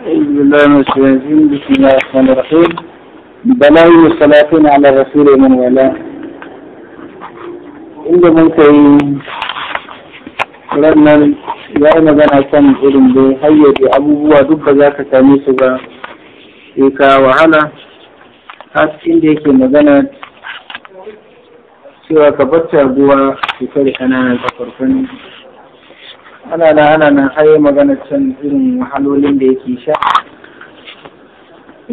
أعوذ بالله من الشيطان الرجيم بسم الله الرحمن الرحيم بلاي على الرسول من ranar ya yi magana kan irin da hayyace abubuwa duk ba za ka same su ba sai wahala har inda yake magana cewa ka bacci ruwa shekaru da ta farkon ana na ana nan har magana can irin wahalolin da yake sha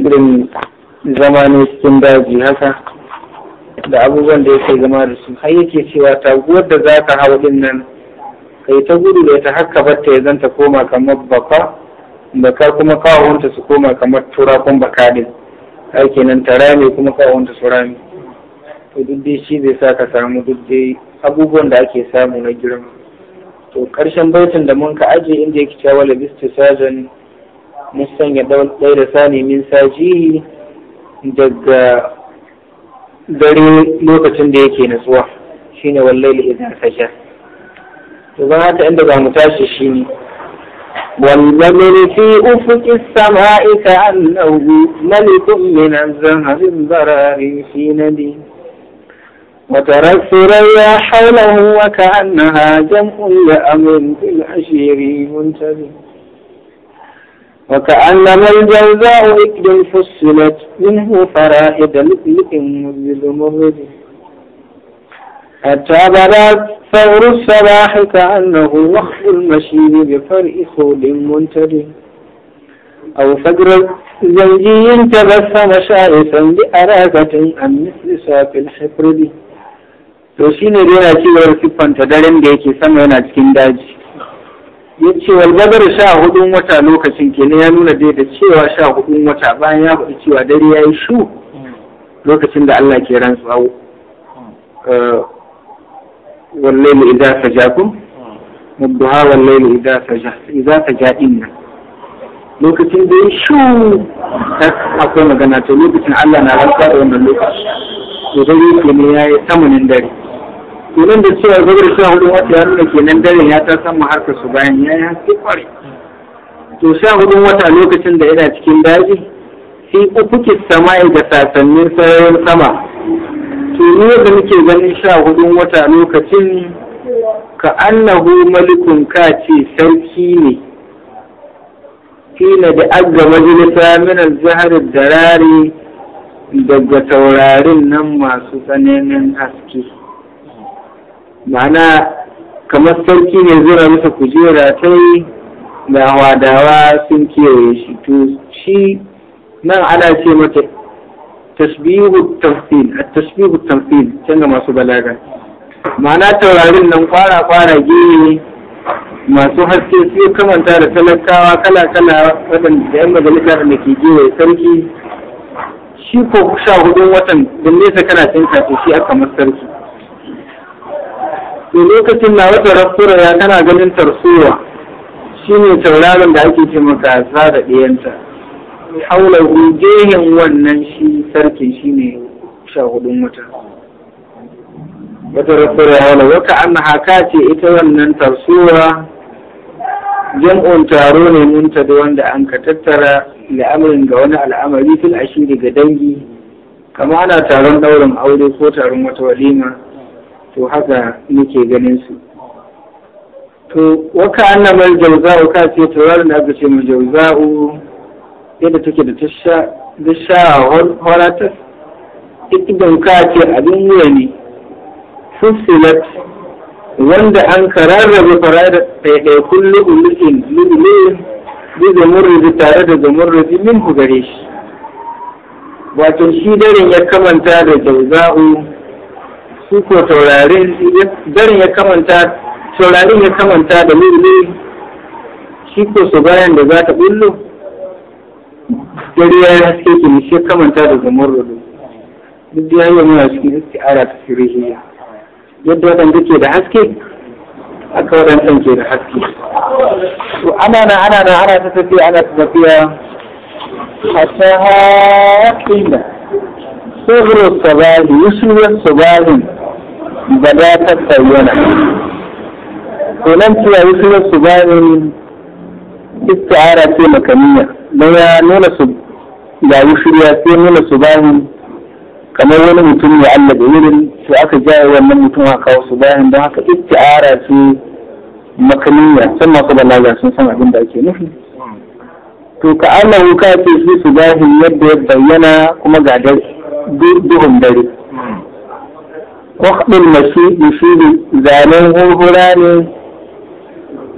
irin zama ne cikin daji haka da abubuwan da yake zama da su har yake cewa taguwar da za ka hau din nan kai ta gudu da ta haka batta ya zanta koma kamar baka baka kuma kawunta su koma kamar turakun baka din aiki nan ta rami kuma kawunta su rame to duk dai shi zai sa ka samu duk dai abubuwan da ake samu na girma to karshen baitin da mun ka aje inda yake cewa wala bistisajan mun sanya ɗaya da sani min saji daga dare lokacin da yake natsuwa shine wallahi idan sasha to ba haka inda ba mu tashi shine والنمل في أفق السماء كأنه ملك من الزهر البراري في نبي وترى الثريا حوله وكأنها جمع لأم في العشير منتبه وكأنما الجوزاء إكل فصلت منه فرائد لؤلؤ مذل مرد حتى بدت ثور الصباح كأنه وقت المشيب بفرء خول منتبه أو فجر زوجي تبسم شائسا بأراكة عن مثل ساق الحفر به to shi ne yana cewar siffanta daren da yake sama yana cikin daji ya ce walbadar sha hudun wata lokacin kenan ya nuna dai da cewa sha hudun wata bayan ya faɗi cewa dare ya yi shu lokacin da Allah ke rantsuwa eh, wallahi idan saja kun mudduha wallahi idan saja idan ja din nan lokacin da ya shu akwai magana to lokacin Allah na rantsuwa da wannan lokaci to dare ne ya yi samanin dare kenan da cewa da sha hudu wata ya nuna kenan daren ya ta samu harkar su bayan ya yi haske kware. to sha hudun wata lokacin da yana cikin daji sai ufuki sama'i ga sasannin sararin sama to ni da muke ganin sha hudun wata lokacin ka annahu malikun ka ce sarki ne kila da agga majalisa min al-zahar darari daga taurarin nan masu tsananin haske ma'ana kamar sarki ne zura masa kujera yi da wadawa sun kewaye shi to shi nan ana ce mata tasbihu tamfil a tasbihu tamfil can ga masu balaga ma'ana taurarin nan kwara kwara gini masu haske su kamanta da talakawa kala kala waɗanda yan majalisa da ke mai sarki shi ko sha hudun watan don nesa kana cin kafin shi aka masarki to lokacin na wata rasura ya tana ganin tarsuwa ne tauraron da ake ce maka za da ɗiyanta haula hujehin wannan shi sarki ne sha hudun wata wata rasura wani wata an haka ce ita wannan tarsuwa jam'un taro ne munta da wanda an ka tattara la'amarin ga wani al'amari fil ashiri ga dangi kama ana taron ɗaurin aure ko taron wata walima to haka muke ganin su to waka annamal jauza'u ka ce tauraron da aka ce mu jauza'u yadda take da ta sha da sha horatas idan ka ce abin wuya ne fusilat wanda an kararrabe farada ɗaiɗaikun lu'ulu'in lu'ulu'in bi zamurridi tare da zamurridi min ku gare shi wato shi daren ya kamanta da jauza'u su ko taurarin ya kamanta taurarin ya kamanta da lulu shi ko su bayan da za ta bullo dare ya yi haske ke shi kamanta da zamar rudu duk ya yi wa muna cikin ara ta sirrihiya yadda waɗanda ke da haske aka waɗancan ke da haske to ana na ana na ana ta tafiya ana ta tafiya ta haƙƙin da sabuwar sabahi yusuwar sabahin bala ta bayyana to nan cewa wasu wasu bayan istihara ce makaniya don ya nuna su ga shirya sai nuna su bayan kamar wani mutum ya Allah da wurin to aka jaye wannan mutum a kawo su bayan don haka istihara ce makaniya san masu balaga sun san abin da ake nufi to ka Allah ka ce su su bayan yadda ya bayyana kuma ga duhun dare kwaɗin mashiɗi shi zanen hurhura ne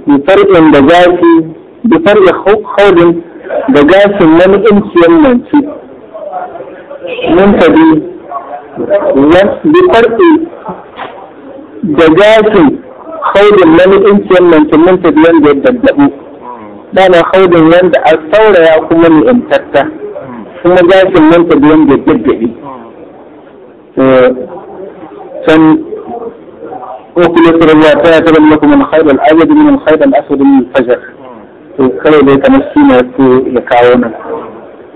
bifar'in da gashi bifar'in haudin da gasin wani inciyar manci mun tabi bifar'in da gasin haudin wani inciyar manci mun tabi yadda ya daddabu dana haudin yadda a sauraya kuma ne tatta, kuma gasin mun tabi yadda ya daddabi eh, ثاني وكل ta الله فيتبن لكم من خير min من الخير الأسود من الفجر to kare dai ta shi ne ya kawo nan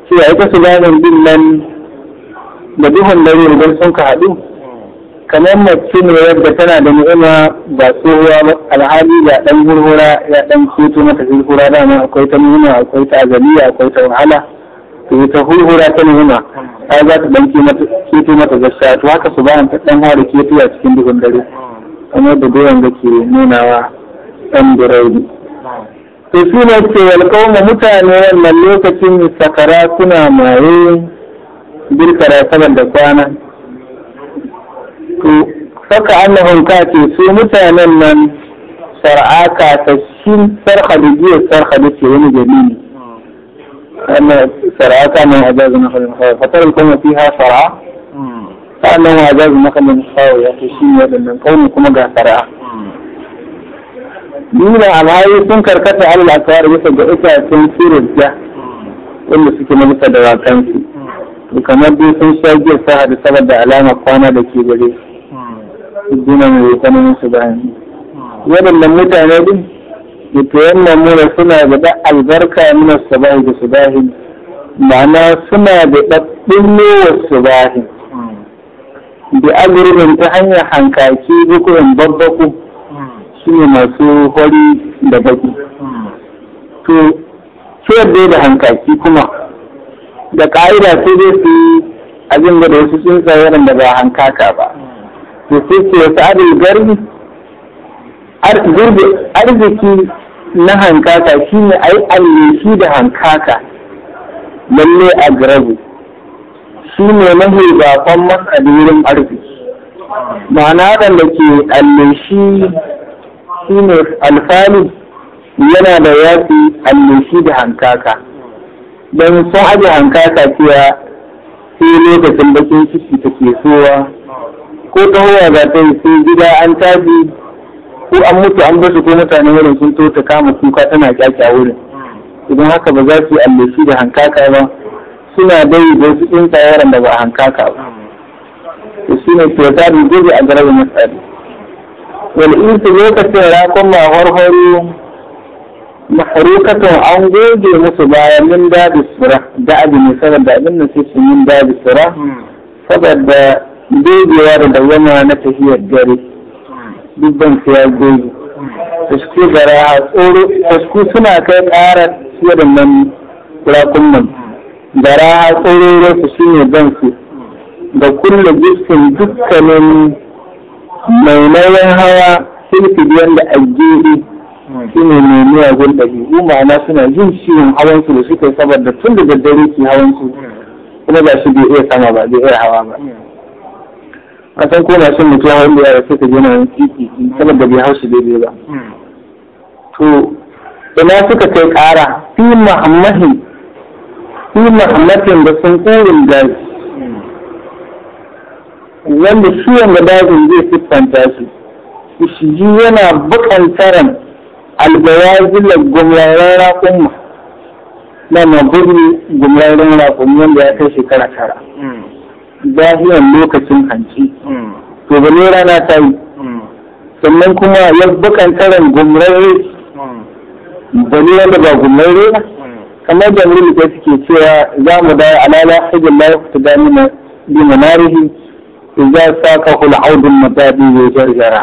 shi ya ita su bin din nan da duhun dare idan sun ka haɗu kamar mace ne yadda tana da ni'ima ba tsohuwa alhali da ɗan hurhura ya ɗan ceto mata hurhura dama akwai ta nuna akwai ta azaliya akwai ta wahala ta yi ta hulhura ta nuna ai za ta ɗan keto mata gaskiya to haka su bayan ta ɗan hada keto a cikin duhun dare kuma da doyan da ke wa ɗan buraidi. To su ne ke walƙauma mutane wannan lokacin sakara suna maye birkara saban da kwana. To saka annahun ka ce su mutanen nan sar'aka ta shi sarhadu biyar sarhadu ce wani gari أن سرعة كان أجاز نخل خاوي فطر القوم فيها سرعة فأنه أجاز نخل خاوي أخشية لأن قوم كما جاء سرعة nuna alhayi sun karkata alal asawar bisa ga itacen surujja wanda suke na bisa da wakansu to kamar dai sun sha jiya da saboda alama kwana da ke gare su dina mai tsananin su bayan waɗannan mutane duk yatayammamuna suna da da albarka min sabahi da subahi ma'ana suna da dabbin nowar subahi bi agurbin ta hanyar hankaki bukurin babbaku su ne masu hori da baki to ciyar dai da hankaki kuma da ka'ida su zai su yi abin da wasu tsuntsayen da ba hankaka ba to sai ce wasu adil garbi arziki na hankaka shi ne a yi allishi da hankaka lalle a garabu shi ne mahi bakon masalirin arziki ma'ana da ke allishi shi ne alfani yana da yafi allishi da hankaka don sun aje hankaka cewa sai lokacin bakin ciki take sowa ko ta za ta yi sai gida an tafi ko an mutu an bar su ko mutane wurin sun to ta kama kuka tana kyakya wurin idan haka ba za su yi da hankaka ba suna dai da su tsinta yaran da ba hankaka ba to shi ne kyauta da gobe a garba matsari wal ce lokacin rakon ma harharu maharukatan an goge musu baya min dadi sura da abin ne saboda abin nan sai su min dadi sura hmm. saboda dogewa da dawama na tafiyar dare duk ban da suke gara a tsoro da su suna kai ƙara waɗannan rakunan gara a tsoro su shi ne ban su da kulle jiskin dukkanin mai nauyin hawa biyan da ajiye shi ne mai miyagun ɗabi'u ma'ana suna jin ciwon hawansu da suka yi saboda tun da daddare ke hawansu kuma ba shi bai iya sama ba bai hawa ba a san ko na son mutuwa wanda ya rasu ta gina yin titi saboda bai haushi daidai ba hmm. to ina suka kai ƙara fi muhammadin fi muhammadin da sun daji wanda shi wanda dajin zai siffanta shi shi yana buƙantaran albayazilar gumrarren raƙon ma na mabudu gumrarren raƙon wanda ya kai shekara tara zahiyar lokacin hanci to ba ne rana ta yi sannan kuma ya bukan karan gumrare ba ne wanda ba gumrare ba kamar da mulki ta suke cewa za mu da alala hajjin la ta da narihi in za idza saka hul audul madadi ya jarjara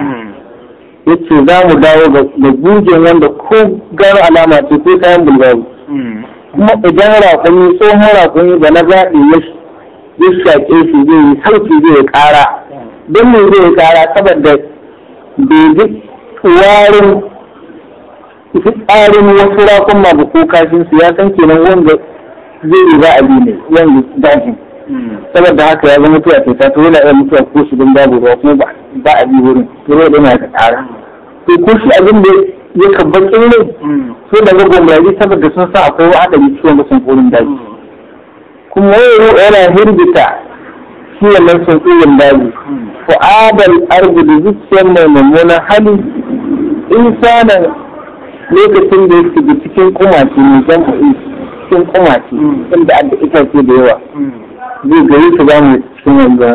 yace za mu dawo ga gujin wanda ko gara alama ce ko kayan bulgari. kuma idan rakumi tsohon rakumi da na zaɓi ya ya shaƙe shi zai yi sauki zai ƙara don mai zai ƙara saboda bai ji warin tsarin wasu rakun ma ko kashin su ya san kenan wanda zai yi ra'ayi ne wanda dajin saboda haka ya zama tuwa ta to yana iya mutuwa ko su don babu ruwa kuma ba a bi wurin to ne yana ka ƙara to ko shi abin da ya kabbakin ne so daga gwamnati saboda sun sa akwai wa'adari ciwon basun kolin daji kuma yau yana hirgita shi wannan tsuntsuyin daji adal arzu da zuciyar mai mummunan hali insanan lokacin da yake da cikin kumaci mai jam'i cikin kumaci inda adda itace da yawa zai gari su za mu cikin wanda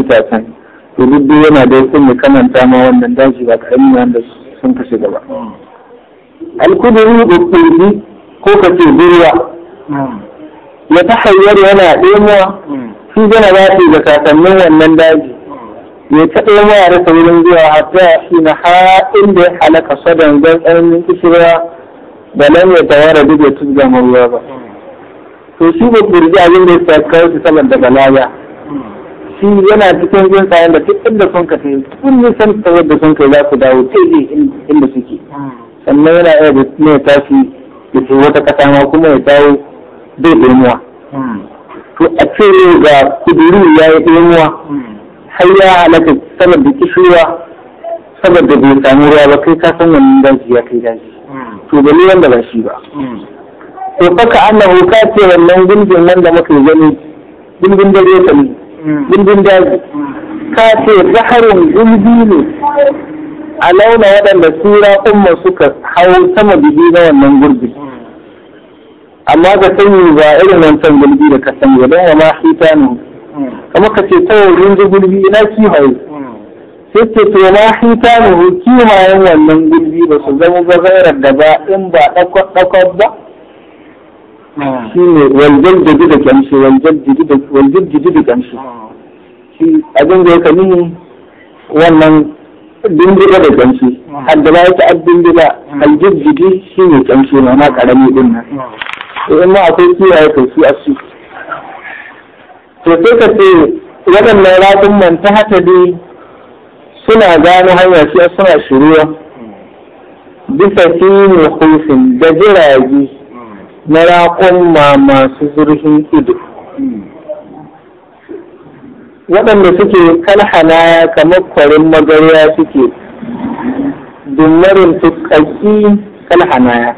itacen to duk dai yana da sun mu kamanta ma wannan daji ba karami wanda sun kashe gaba alkuduri da ko ka ce ya ta hayar yana ɗemuwa shi gana ba su da kakannin wannan daji ya ta ɗemuwa ya rasa wurin zuwa hatta shi na ha inda ya halaka sadan zan tsananin kishirwa da nan ya tawara duk ya tuzga maruwa ba to shi ba rija abin da ya sa kawo su saman daga laya shi yana cikin jin tsayen da duk inda sun ka tafi kun san ta wadda sun kai za su dawo yi inda suke sannan yana iya da ne tashi da wata kasa ma kuma ya dawo bai ilmuwa hmm. to a ce ga kuduri ya yi ilmuwa hmm. har ya halaka saboda kishiwa saboda bai samu ruwa ba kai ka san wani daji ya kai daji hmm. to ba ni wanda ba shi ba to faka annahu ka ce wannan gundin wanda muka gani gundin dare ta ne gundin daji ka ce zaharin gundi ne a launa waɗanda sura umma suka hau sama bibi na wannan gurbin amma ga sani ba irin wancan gulbi da ka sani ba don wa ma hita ne kuma ka ce ta wurin ji gulbi na kiwaye sai ce to ma hita ne kimayen wannan gulbi ba su zama ba zairar da ba in ba ɗakwar ba shi ne waljan jiji da gamshi waljan jiji da gamshi shi abin da ya kani wannan bindiga da gamshi haddana ya ta addin bila aljijjiji shi ne gamshi ma na ƙarami ɗin nan idan ma akwai kiyaye kai su asu to sai ka ce waɗannan ratun man ta haka dai suna gano hanya shi suna shiruwa bisa fi kofin da jirage na rakon ma masu zurfin ido waɗanda suke kalhana kamar kwarin magarya suke dummarin tukaki kalhanaya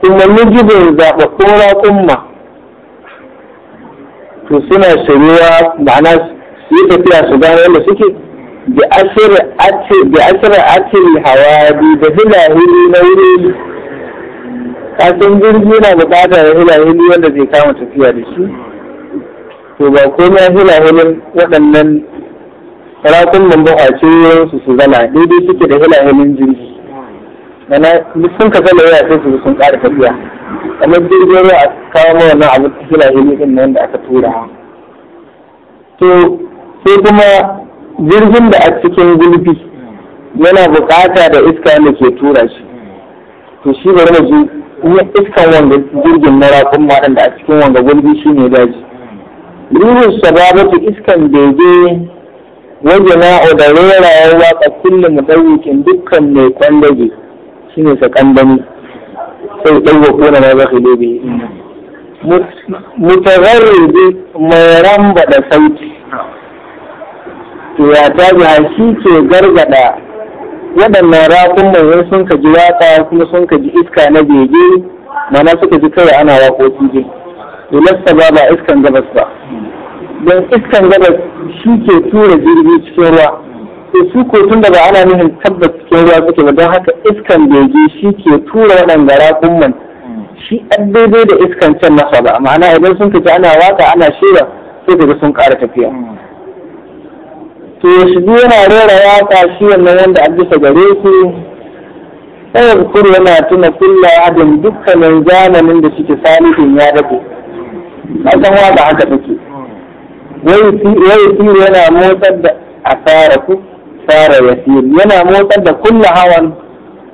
kuma mijibin zaɓaɓɓun raƙumma to suna shirya ma'ana su yi tafiya su gano yadda suke da asirar hawa biyu, da hilahili na wuri kasan jirgi yana buƙatar hilahili wanda zai kama tafiya da shi to ba komai hilahilin waɗannan raƙumman ba a cewa su su zana daidai suke da hilahilin jirgi mana sun ka sallar waya sai su sun ƙara tafiya kamar jirgin ruwa kawo mawa na abu kila hili din nan da aka tura to sai kuma jirgin da a cikin gulbi yana bukata da iska da ke tura shi to shi bari mu ji kuma iskan wanga jirgin na raƙun da a cikin wanga gulbi shi ne daji ruhun sababatu iskan daidai wajen na'o da rera ya waƙa kullum ɗaukin dukkan mai kwandage sakan dani sai ɗauwa kona na zaka lobe mutagarribi mai rambaɗa sauti to ya ta shi ke gargada waɗannan rakun mai sun ka ji waƙa kuma sun ka ji iska na bege mana suka ji kawai ana waƙoƙi ne lasta ba ba iskan gabas ba don iskan gabas shi ke tura jirgi cikin ruwa sai su ko tun da ba ana nihin tabbas cikin ruwa suke ba don haka iskan bege shi ke tura waɗanda raƙumman shi daidai da iskan can na ba ma'ana idan sun fita ana waka ana shira sai daga sun ƙara tafiya hmm. to shi biyu yana rera waka shi wannan wanda a bisa gare su sai kuri yana tuna kulla adin dukkanin zamanin da suke salihin ya dace kasan waka haka take hmm. wai yana motsar da asara ku sara yasir yana motsar da kulla hawan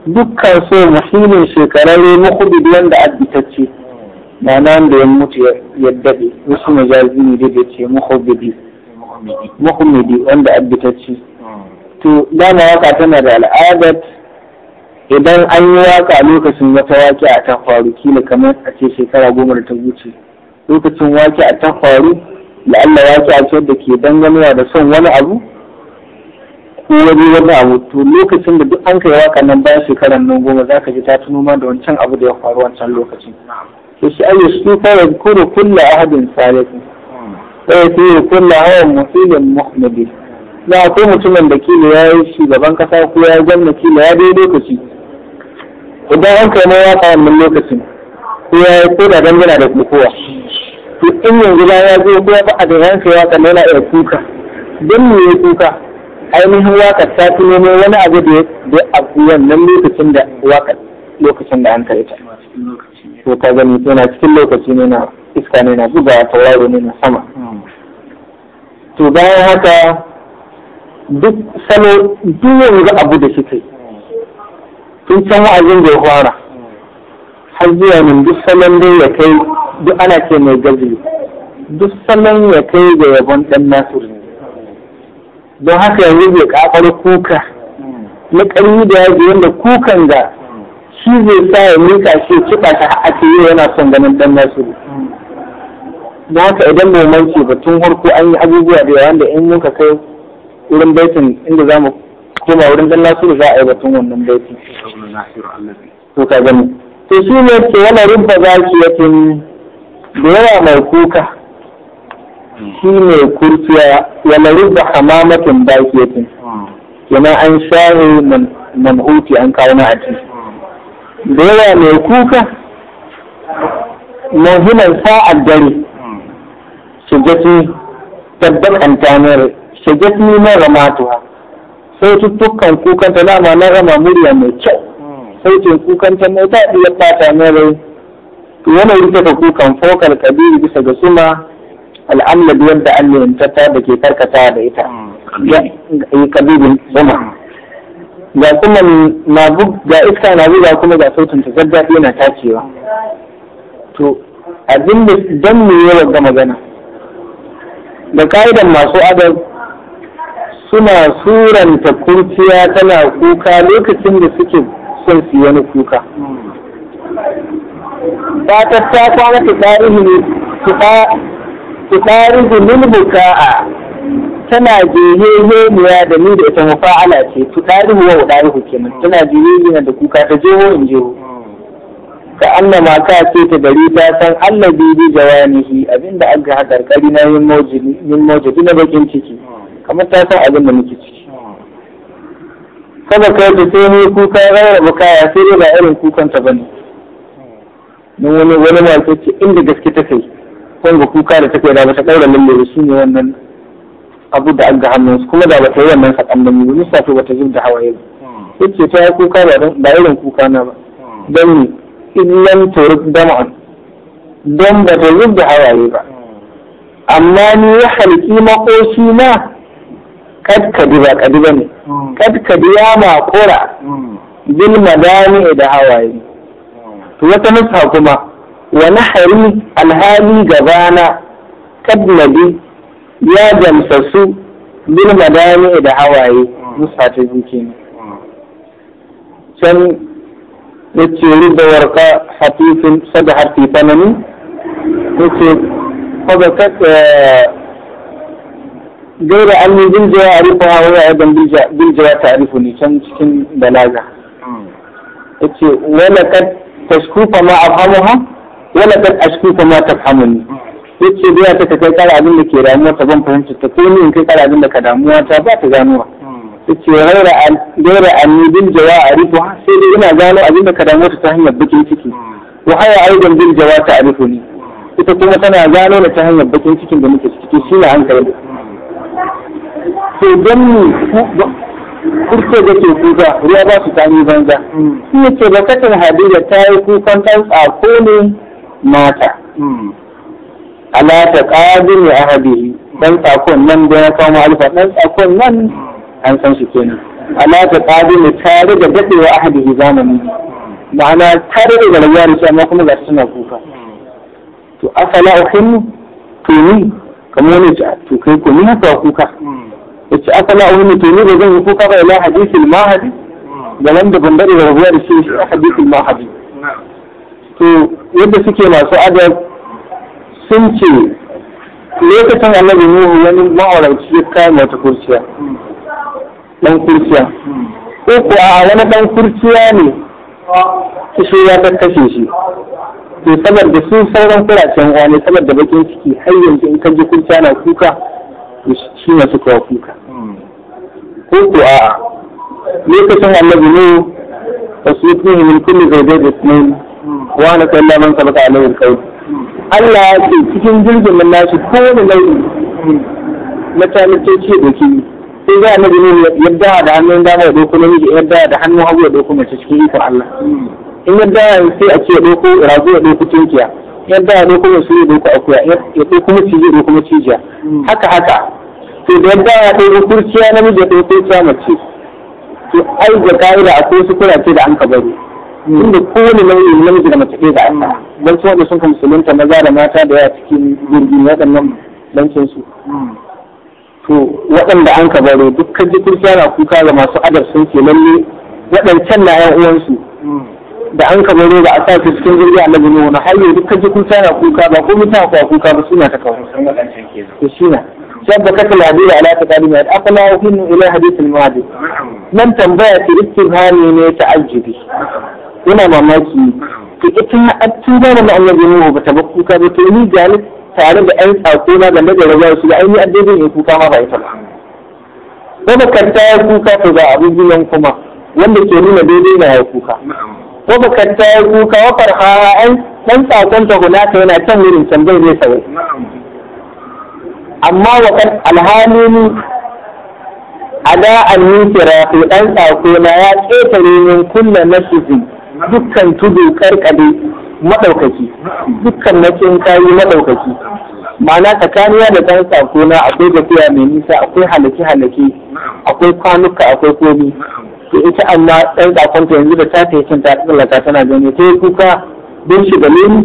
dukkan so muhimmin shekararre mukhbid wanda additacce na nan da ya mutu ya daɗe wasu majazi ne da ce mukhbidi mukhmidi wanda additacce to dama waka tana da al'adar idan an yi waka lokacin wata waki a ta faru kila kamar a ce shekara goma da ta wuce lokacin waki a ta faru da Allah a ce a da ke danganewa da son wani abu ko wani wani abu to lokacin da duk an kai waka nan bayan shekaran nan goma za ka ji ta tuno ma da wancan abu da ya faru wancan lokacin to shi ayi su fa ya kuru kullu ahadin salihin sai ya kuru kulla hawan musulun, muhammadi Na ko mutumin da kila ya yi shugaban kasa ko ya gwamna kila ya dai lokaci idan an kai na waka wannan lokacin ko ya yi ko da dangana da kokowa to in yanzu ba ya zo ko ba a da yanka waka yana iya kuka don me ya kuka ainihin wakar ta fi nemo wani abu da ya abu wannan lokacin da wakar lokacin da an kai ta to ka gani yana cikin lokaci ne na iska ne na zuba, tauraro ne na sama to bayan haka duk salo duk yanzu abu da suke tun can wa'azin da ya fara har zuwa min duk salon dai ya kai duk ana ce mai gazi duk salon ya kai ga yabon dan nasiru don haka yanzu zai kafar kuka na ƙarni da ji wanda kukan da shi zai sa ya mika shi cika ta a ke yi, yana son ganin dan nasu don haka idan mu mance batun harko an yi abubuwa da yawan da in muka kai wurin baitin inda za mu koma wurin dan nasu za a yi batun wannan baitin to ka gani to shi ne ke wani ki yakin da yawa mai kuka shi ne kurciya wala rubba hamamatin bakiyatin kenan an man manhuti an kawo na aji da yawa mai kuka manhunan sa'ad dare shigati tabbat an tamir shigati na ramatuwa sai tukkan kukan ta lama na rama murya mai kyau sai tun kukan ta mai ta ya fata mai to yana yi ta kukan fokal kabiru bisa ga suma al'amlad wanda an nemtata da ke karkata da ita yi mm, kabibin eh, zuma ga kuma na ga iska na kuma ga sautin ta zaddaɗi yana tacewa to abin da don me yawan ga magana da ka'idan masu adab suna suranta kurciya tana kuka lokacin da suke son su wani kuka mm. ba ta ta kwana ta tarihi ne da min a tana ya-ya-ya da ni da ita mafa'ala ce tutarihu wa udarihu kenan tana jeyeyeniya da kuka ta jeho in jeho ka annama ka ce ta gari ta san Allah bibi jawanihi abinda aka hadar kari na yin mojiji na bakin ciki kamar ta san abin da muke ciki kada kai da sai ne kuka rarra bukaya sai dai ba irin kukan ta bane wani wani ma ce inda gaske ta kai wanda kuka da take da bata daura lalle shi ne wannan abu da an ga hannunsu kuma da bata yi wannan sakan da mu nisa to bata jin da hawaye ba yace ta yi kuka ba dan ba irin kuka na ba dan ni in lam turib dam'an dan ta jin da hawaye ba amma ni ya halki makoshi na kad kadiba kadiba ne kad kadiya ma kora bil madani da hawaye to wata nufa kuma wa nahari alhali gabana kadnabi ya gamsasu bil madani da hawaye musa ta duke ne can ya ce riba warka hatifin sada harfi tsanani ya ce kwaba eh, gaira an yi biljewa a rufe hawa ya yaban biljewa ta rufe ne can cikin balaga ya hmm. ce wala kad tashkufa ma afhamuha wala kan ashku ta tafhamuni yace biya ta kai kara abin da ke damuwa ta ban fahimta ta kai in kai kara abin da ka damuwa ta ba ta ganowa yace raira an daira anni bin jawa arifu sai dai ina gano abin da ka damuwa ta hanyar bakin ciki wa haya aidan bin jawa ta arifu ne. ita kuma tana gano da ta hanyar bakin cikin da muke ciki shi ne hankali to don mu kurce da ke kuka ruwa ba su tani banza shi yace lokacin Habiba ta yi kukan tsantsa ko ne mata hmm. ala ta ya ahadihi dan tsakon nan da ya kawo alfa dan tsakon nan an san shi kenan ala ta qadiri tare da dadewa ahadihi zamani ma'ana tare da gargajiya da su amma kuma ga suna kuka to afala uhimmu to ni kamar wani ja to kai ko ni haka kuka yace afala uhimmu to ni ba zan yi kuka ba ila hadithil mahadi da hmm. wanda ban dare da rabuwa da shi hadithil mahadi to yadda suke masu adal sun ce lokacin annabi nuhu wani ma'auranci ya kai mata kurciya dan kurciya ko ko a wani dan kurciya ne kishi ya ta kashe shi to saboda su sauran kuracen uwa ne saboda bakin ciki har yanzu in ka ji kurciya na kuka shi ne suka kuka ko ko a lokacin annabi nuhu wasu yi min kulli da ismail wa na sallah man a alaihi alqaul Allah ya ce cikin jirgin nan nashi ko da nau'i na talibanci da ke sai za a nabi ne yadda da hannun dama ya doko namiji yadda da hannun hagu ya doko mace cikin ikon Allah in yadda sai a ce ya doko rago ya doko tunkiya yadda ya doko masu ya doko akuya ya doko maciji ya doko macijiya haka haka to da yadda ya doko kurciya namiji ya doko kurciya mace to ai da ka'ida akwai su kurace da an ka bari da kowane nau'in namiji da mace ɗaya ga don su wanda sun ka musulunta maza da mata da yawa cikin jirgin waɗannan bankin su to waɗanda an ka bare dukkan jikin na kuka ga masu adar sun ke lalle waɗancan na ƴan uwansu da an ka bare da a sa su cikin jirgin annabi nuhu wani hanyar dukkan jikin na kuka ba ko mutane kuwa kuka ba suna ta kawo to shi na شبكة العديد على تقديمات أقلعهم إلى حديث المعدي من ne ta تعجبي yana mamaki to ita a ba da annabi ne ba ta ba kuka ba to ni gani tare da ɗan tsako na game da su da ainihin addinin ne kuka ma ba ita ba kanta ya kuka to ga abin bilan kuma wanda ke nuna daidai na ya kuka ba kanta ya kuka wa farha ai ɗan tsakon ta ta yana can wurin can zai zai sauye amma wa kan alhalini ada an nufira to ɗan tsako na ya ƙetare min na nasibi dukkan tudu karkade maɗaukaki dukkan nakin kayi maɗaukaki ma'ana tsakaniya da ɗan sako akwai tafiya mai nisa akwai halake-halake akwai kwanuka akwai komi to ita amma ɗan tsakon ta yanzu da ta ta yakin ta tsallaka tana gani ta yi kuka don shi dalili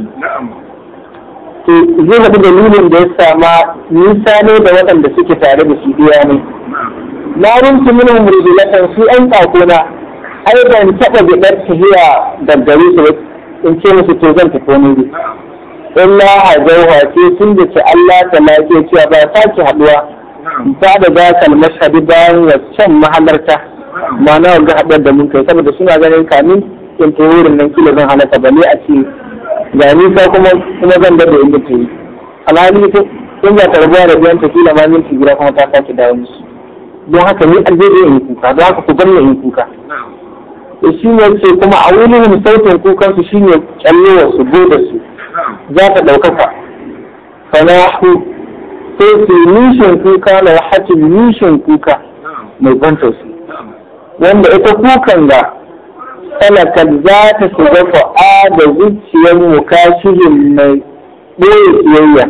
to zai haɗu dalilin da ya sama nisa ne da waɗanda suke tare da shi biya ne na rinci minin murjulatan su ɗan sako na ai ban taɓa biɗar tahiya gari su ba in ce musu to zan tafi wani ne. in na hajjauwa ce tun da ce Allah ta lafiya cewa ba ta ki haɗuwa ba da za ka mashhadi bayan waccan mahalarta na ga haɗar da mun kai saboda suna ganin kamin in to wurin nan kila zan halaka ba ne a ce ga ka kuma kuma zan dade inda ta yi alhali ta in ga tarbiya da biyan ta kila ma minti gida kuma ta sake dawo musu don haka ni an zai iya yin kuka don haka ku bar in yin kuka da shi ne ce kuma a wurin sautin kukansu shi ne kyallewarsu su za ta ɗaukaka fanahu sai su nishin kuka na hakim nishin kuka mai su wanda ita kukan ga talakar za ta shiga a da zuciyar shirin mai ɓoye siyayya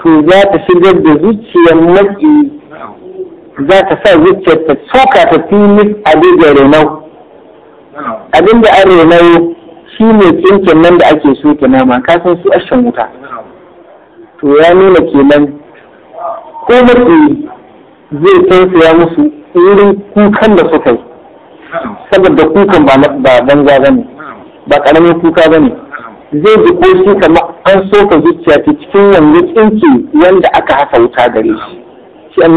to za ta shigar da zuciyar maki za ta sa zuciyar ta soka ta fi mis a daidai renau abin da an renayo shi ne tsinken nan da ake soke nama kasan su ashen wuta to ya nuna kenan ko mace zai ya musu wurin kukan da suka yi saboda kukan ba banza ba ne ba karamin kuka ba ne zai ji shi kamar an ka zuciya ta cikin wanda tsinki wanda aka haka wuta gare shi shi an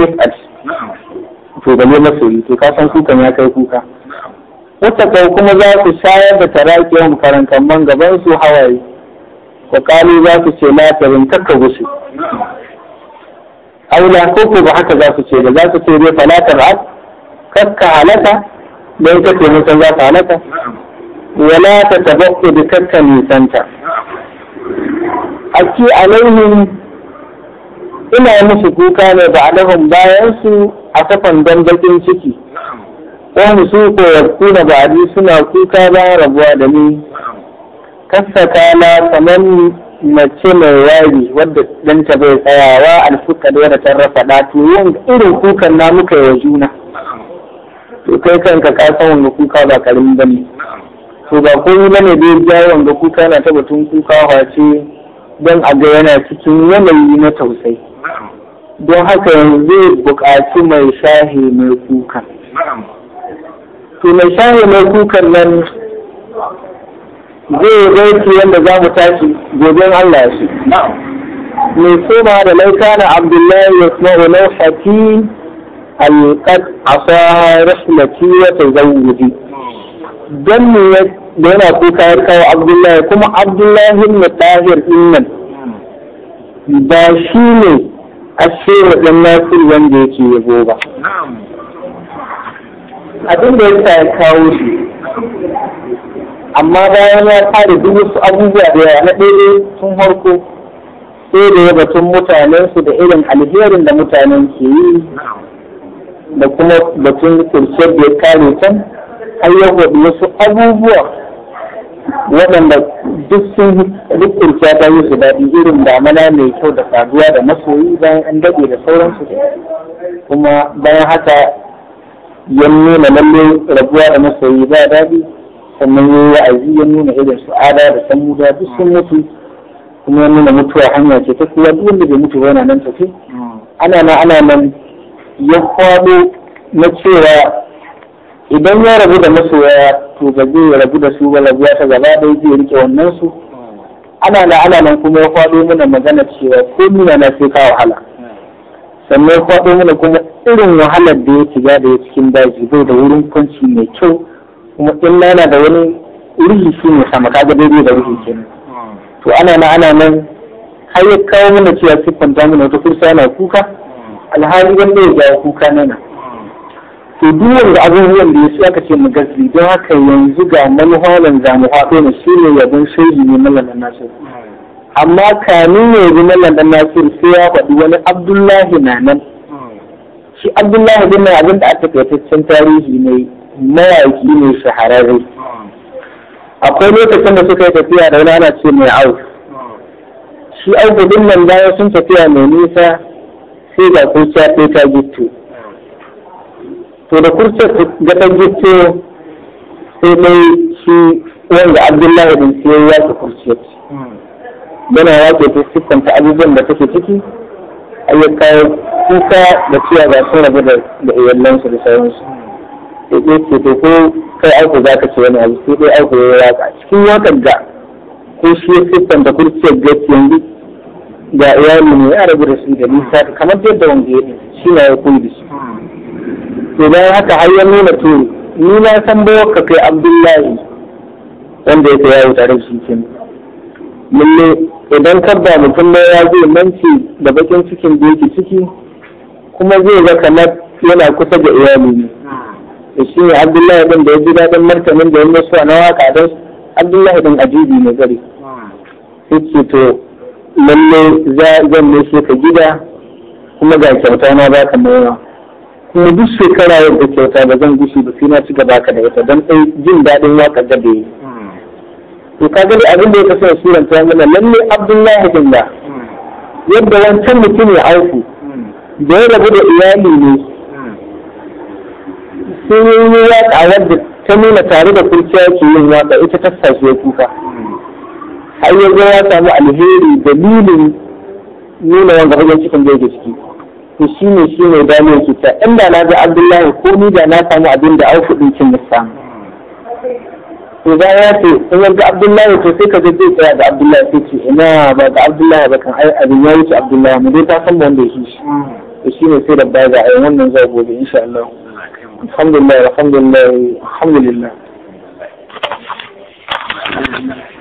to da ne masoyi to kasan kukan ya kai kuka uttaka kuma za su shayar da tarakiyar farankan gaban su hawaye ko kali za su ce na tarin kakka gushe aula ko ko ba haka za su ce ba za su ce dai falatar ak kakka halaka dai ta ce mutan za ta halaka wala ta tabaqqu bi kakka nisanta a alaihim ina musu kuka ne da alahum bayan su a kafan dandakin ciki wani su ko ku da ba'adi suna kuka ba rabuwa da ni kassaka na kamar mace mai wari wadda ɗanta bai tsayawa alfuka da wadda ta rasa to yin irin kukan na muka yi wa juna to kai kanka ka san wanga kuka ba karim ba ne to ba komai ba ne dai jawo wanga kuka na ta batun kuka wace don a ga yana cikin yanayi na tausayi don haka yanzu buƙaci mai shahi mai kuka to mai shayi mai kukan nan zai gaiki yadda za mu tashi gobe Allah shi mai suna da na abdullahi ya suna da laifaki alƙad a sa don mu da yana kuka ya kawo abdullahi kuma abdullahi na tahir nan, ba shi ne a shirin ɗan nasir wanda yake yabo ba. abin da ya sa ya kawo shi amma bayan ya kare duk wasu abubuwa da ya na ɗaya tun farko sai da ya batun mutanensu da irin alherin da mutanen ke yi da kuma batun kurciyar da ya kare can har ya faɗi wasu abubuwa waɗanda duk sun duk ta yi su daɗi irin damana mai kyau da saduwa da masoyi bayan an daɗe da sauransu kuma bayan haka ya nuna lalle rabuwa da masoyi ba daɗi sannan ya yi aji ya nuna irin su'ada da samuda duk sun mutu kuma ya nuna mutuwa hanya ce ta kuwa duk wanda bai mutu ba yana nan tafi ana nan ana nan ya kwado na cewa idan ya rabu da masoya to ba zai rabu da su ba rabuwa ta gaba ɗaya zai rike wannan su ana nan ana nan kuma ya kwado mana magana cewa ko nuna na sai ka wahala sannan faɗo mana kuma irin wahalar da ya shiga da ya cikin daji bai da wurin kwanci mai kyau kuma in yana da wani ruhi shi ne sama kaga daidai da ruhi kenan to ana nan ana nan har ya kawo mana cewa siffan ta mana wata kursa yana kuka alhali wanda ya jawo kuka nana to duk wanda abubuwan da ya su aka ce mu gazi don haka yanzu ga manuhalan zamu faɗo na shi ne yabon shaidi ne mallamin nasiru amma kamin ya yi na dan nasir sai ya faɗi wani abdullahi na nan shi abdullahi bin abin da a takaitaccen tarihi ne mayaki ne shahararre akwai lokacin da suka yi tafiya da wani ana ce mai au shi au din nan bayan sun tafiya mai nisa sai ga kurciya sai ta gitto to da kurciya ga ta gitto sai dai shi wanda abdullahi bin sai ya ta kurciya yana yake ta siffanta abubuwan da take ciki a ya kawo kuka da cewa ba sun rabu da iyalansu da sauransu sai ɗaya ce ta ko kai aiko za ka ce wani abu sai ɗaya aiko ya waka cikin wakar da ko shi ya siffanta kurciyar gaci yanzu ga iyali ne ya rabu da su da nisa kamar yadda wanda ya shi na ya koyi da su to bayan haka har ya nuna to ni na san bawa ka kai abdullahi wanda ya yawo tare da shi kenan lalle idan tabba mutum ya zai mance da bakin cikin da ciki kuma zai ga kamar yana kusa da iyali ne da ah. shi ne abdullahi ɗin da ya ji daɗin martanin da ya musu na waka don abdullahi ɗin ajibi ne gari ah. suke to lalle zan ne ka gida kuma ga kyauta na ba ka mawa kuma duk shekara yadda kyauta ba zan gushi ba sai na ci gaba ka da ita don jin daɗin waka da yi to ka gani abin da ya da suran ta mana lalle abdullahi bin yadda wancan mutum ya auku da ya rabu da iyali ne sun yi waƙa wadda ta nuna tare da kurciya ke yin waƙa ita ta sashe kuka har yanzu ya samu alheri dalilin nuna wanga fagen cikin da yake ciki to shi ne shi ne damar cuta inda na ga abdullahi ko ni da na samu abin da auku ɗin cin da uba ya ce in yanka abdullahi to sai ka ga zai tsaya da abdullahi sai ce ina ba ga abdullahi ba kan abin ya wuce abdullahi mu dai ta san da wanda ya shi to shi ne sai da ba ga a yi wannan zai gobe insha Allah alhamdulillah alhamdulillah alhamdulillah